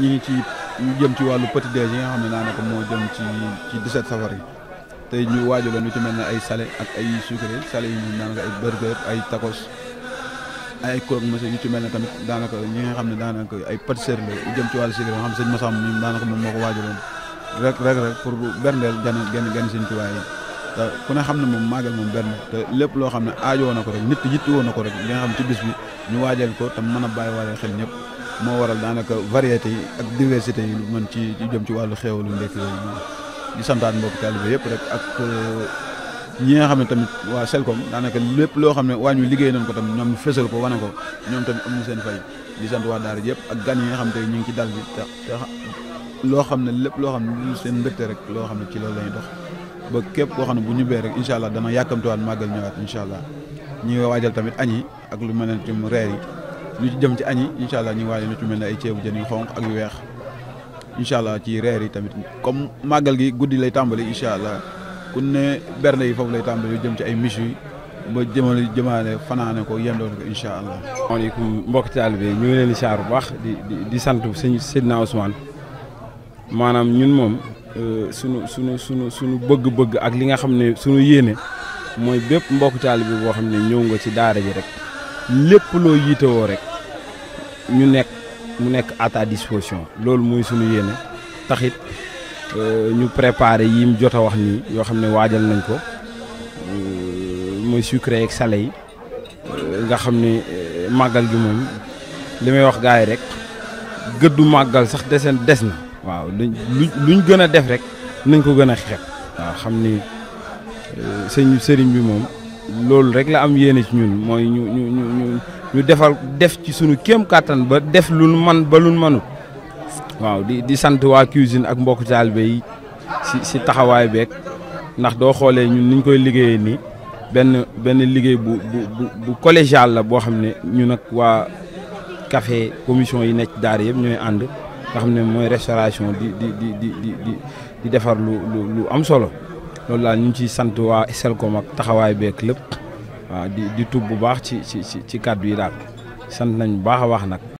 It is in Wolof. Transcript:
ñu ngi ci ñu jëm ci wàllu petit déj yi nga xam ne daanaka moo jëm ci ci 17 safar yi tey ñu waajaloon lu ci mel ne ay salé ak ay sucré salé yi ñu daanaka ay burger ay tacos ay croque monsieur yu ci mel ne tamit daanaka ñi nga xam ne daanaka ay pâtisserie la jëm ci wàllu sucré nga xam sëñ Massamba ñun daanaka moom moo ko waajaloon rek rek rek pour berndeel gan gan gan sëñ Tuubaa yi te ku ne xam ne moom màggal moom benn te lépp loo xam ne aajoo na ko rek nit yittewoo na ko rek li nga xam ci bis bi ñu waajal ko te mën a bàyyi waajal xel ñëpp moo waral daanaka variété yi ak diversité yi mën ci jëm ci wàllu xeewalu ndekki yooyu di santaan mbokk taalibe yëpp rek ak euh, ñi nga xam ne tamit waa Selcom daanaka lépp loo xam ne waañ wi liggéey nañ ko tamit ñoom ñu fësal ko wane ko ñoom tamit am ñu seen fay di sant waa daara yëpp ak gan yi nga xam te ñu ngi ci dal bi te loo xam ne lépp loo xam ne seen mbégte rek loo xam ne ci loolu lañuy dox ba képp koo xam ne bu ñu bee rek incha allah dana yàkkamtuwaat màggal ñëwaat incha allah waajal tamit añ yi ak lu mel ne reer yi lu ci jëm ci añi incha allah ñu ngi waajal lu ci mel ne ay ceebu jën yu xonq ak yu weex incha allah ci reer yi tamit comme màggal gi guddi lay tàmbali incha allah ku ne berne yi foofu lay tàmbali yu jëm ci ay miche yi ba jëmale jëmaale fanaane ko yendoon ko incha allah. asalaamaaleykum mbokk taalibe ñu ngi leen di saar bu baax di di di sant sëñ na Ousmane maanaam ñun moom euh, sunu sunu sunu sunu bëgg-bëgg ak li nga xam ne sunu yéene mooy bépp mbokk taalibe boo xam ne ñëw nga ci daara ji rek lépp loo rek. ñu nekk mu nekk à ta disposition loolu mooy suñu yéene taxit euh, ñu préparé yi mu jot a wax nii yoo xam ne waajal nañ ko euh, mooy sucré ak salé yi euh, nga xam ne màggal gi moom li may wax gars yi rek gëddu màggal sax deseen des na waaw lu luñ gën a def rek nañ ko gën a xeeb waaw xam ni sëñ sëriñ bi moom loolu rek la am yéene ci ñun mooy ñu ñu ñu ñu defal def ci suñu kéem kàttan ba def lu man ba lu manut waaw di di sant waa cuisine ak mbokk taalibe yi si si taxawaay beeg ndax doo xoolee ñun ñu koy liggéeyee nii benn benn liggéey bu bu bu collégial la boo xam ne ñu nag waa café commission yi nekk daar yëpp ñooy ànd nga xam ne mooy restauration di di di di di di defar lu lu lu am solo. loolu daal ñu ngi ciy sant waa Selcom ak taxawaay beeg lépp waaw di di tub bu baax ci ci ci kàddu yi daal sant nañ baax a baax nag.